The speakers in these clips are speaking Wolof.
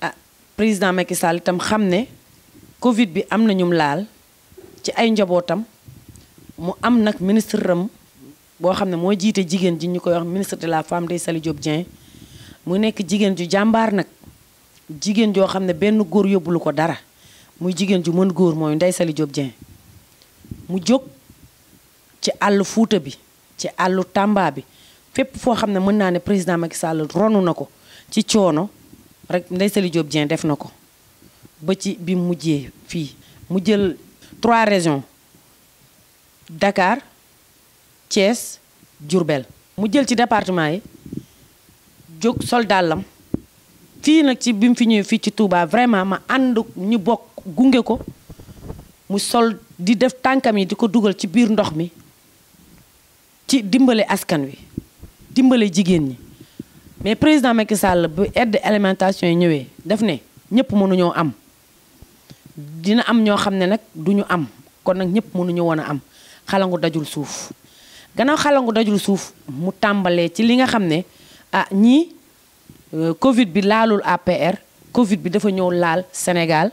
ah président Macky Sall itam xam ne Covid bi am na laal ci ay njabootam mu am nag ministre ram boo xam ne mooy jiite jigéen ji ñu koy wax ministre de la femme Ndèye Saly Diop Dieng mu nekk jigéen ju jàmbaar nag jigéen joo xam ne benn góor yóbbulu ko dara. muy jigéen ju mën góor mooy Ndeye Saly Diop Dieng mu jóg ci àll Fuuta bi ci àllu Tamba bi fépp foo xam ne mën naa ne président Macky Sall ronu na ko ci coono rek Ndeye Saly Diop Dieng def na ko ba ci bi mujjee fii mu jël trois régions dakaar Thiès jurbel mu jël ci département yi jóg sol fii nag ci bi mu fi ñëwee fii ci Touba vraiment ma ànd ñu bokk gunge ko mu sol di def tànkam yi di ko dugal ci biir ndox mi ci dimbale askan wi dimbale jigéen ñi mais président Macky Sall bu edd alimentation yi ñëwee def ne ñëpp mënuñoo am dina am ñoo xam ne nag duñu am kon nag ñëpp mënuñu woon a am xalangu dajul suuf gannaaw xalangu dajul suuf mu tàmbalee ci li nga xam ne ah ñii Euh, Covid bi laalul APR Covid bi dafa ñëw laal Sénégal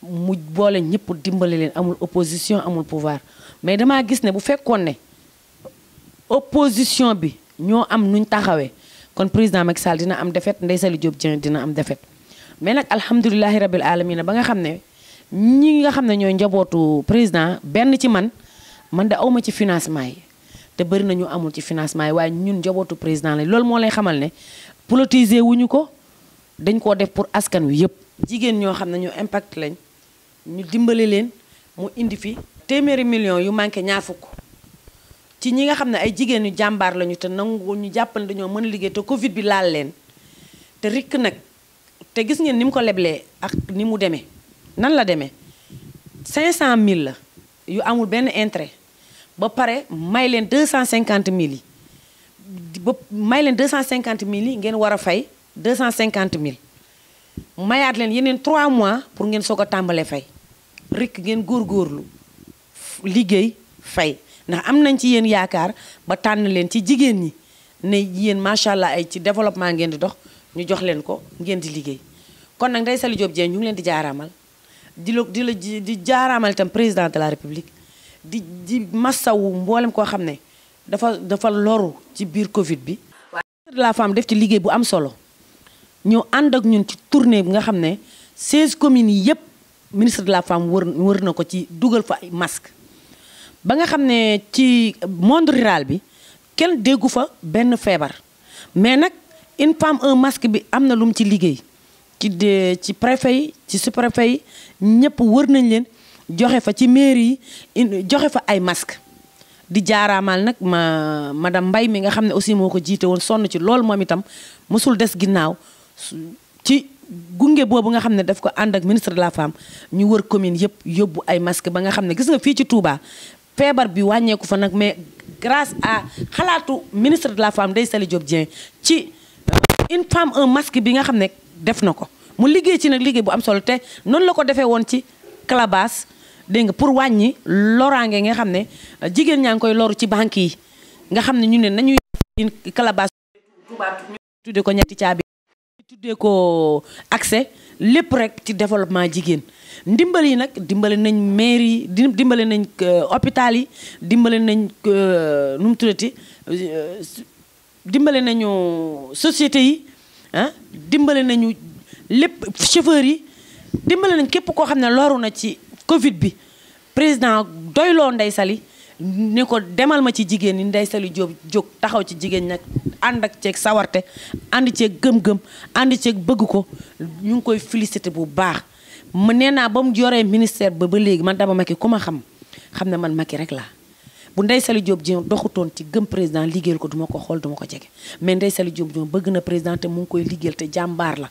mu boole ñëpp dimbali leen amul opposition amul pouvoir mais damaa gis ne bu fekkoon ne opposition bi ñoo am nuñ taxawee kon président Macky Sall dina am défaite Ndeye Saly Diop Dieng dina am défaite mais nag alhamdulilahi rabil alamina ba nga xam ne ñi nga xam ne ñooy njabootu président benn ci man man de awma ci financement yi te bëri nañu amul ci financement yi waaye ñun njabootu président lañ loolu moo lay xamal ne politiser wuñu ko dañ koo def pour askan wi yëpp. jigéen ñoo xam ne ñu impact lañ ñu dimbale leen mu indi fi téeméeri millions yu manqué ñaar fukk ci ñi nga xam ne ay jigéen ñu jàmbaar lañu te nangu ñu jàppale dañoo mën a liggéey te Covid bi laal leen te rikk nag te gis ngeen ni mu ko leblee ak ni mu demee nan la demee 500000 la yu amul benn intérêt ba pare may leen cent 250000 yi. ba may leen deux 250 000 yi ngeen war a fay cinquante 000 mayaat leen yeneen 3 mois pour ngeen soog a tàmbalee fay rekk ngeen góor góorlu liggéey fay ndax am nañ ci yéen yaakaar ba tànn leen ci jigéen ñi ne yéen macha allah ay ci développement ngeen di dox ñu jox leen ko ngeen di liggéey kon nag Ndeye Saly Diop Dieng ñu ngi leen di jaaraamal di la di la di jaaraamal itam président de la république di di massawu mboolem koo xam ne. dafa dafa loru ci biir Covid bi. de la femme def ci liggéey bu am solo ñoo ànd ak ñun ci tournée bi nga xam ne 16 communes yi yëpp ministre de la femme wër wër na ko ci dugal fa ay masque ba nga xam ne ci monde rural bi kenn déggu fa benn feebar mais nag une femme un masque bi am na lu mu ci liggéey ci de ci préfet yi ci sous yi ñëpp wër nañ leen joxe fa ci mairie yi joxe fa ay masque di jaaraamal nag ma madame mbay mi nga xam ne aussi moo ko jiite woon sonn ci loolu moom itam mosul des ginnaaw ci gunge boobu nga xam ne def ko ànd ak ministre de la femme ñu wër commune yëpp yóbbu ay masque ba nga xam ne gis nga fii ci Touba feebar bi wàññeeku fa nag mais grâce à xalaatu ministre de la femme Ndèye Saly Diop Dieng ci euh, une femme un masque bi nga xam ne def na ko mu liggéey ci nag liggéey bu am solo te noonu la ko defee woon ci Calabas. dégg nga pour wàññi loraange nga xam ne jigéen ñaa ngi koy loru ci banque yi nga xam ne ñu ne nañuy calebasse tubaab ñu tuddee ko ñetti caabi tuddee ko accès lépp rek ci développement jigéen ndimbal yi nag dimbale nañ maire yi dimbale nañ euh, hôpital yi dimbale nañ euh, nu mu tuddati euh, dimbale nañu société yi ah dimbale nañu lépp chauffeur yi dimbale nañ képp koo xam ne loru na ci Covid bi président doyloo Ndeye Saly ni ko demal ma ci jigéen ñi Ndeye Saly Diop jóg taxaw ci jigéen nag ànd ak ceeg sawarte ànd ceeg gëm-gëm ànd ceeg bëgg ko ñu ngi koy félicité bu baax. mu nee naa ba mu yoree ministère ba ba léegi man dama Macky ku ma xam xam ne man Macky rek laa bu Ndeye Saly Diop Dieng doxutoon ci gëm président liggéeyal ko duma ko xool duma ko jege mais Ndeye Saly Diop Dieng bëgg na président te mu ngi koy liggéeyal te jàmbaar la.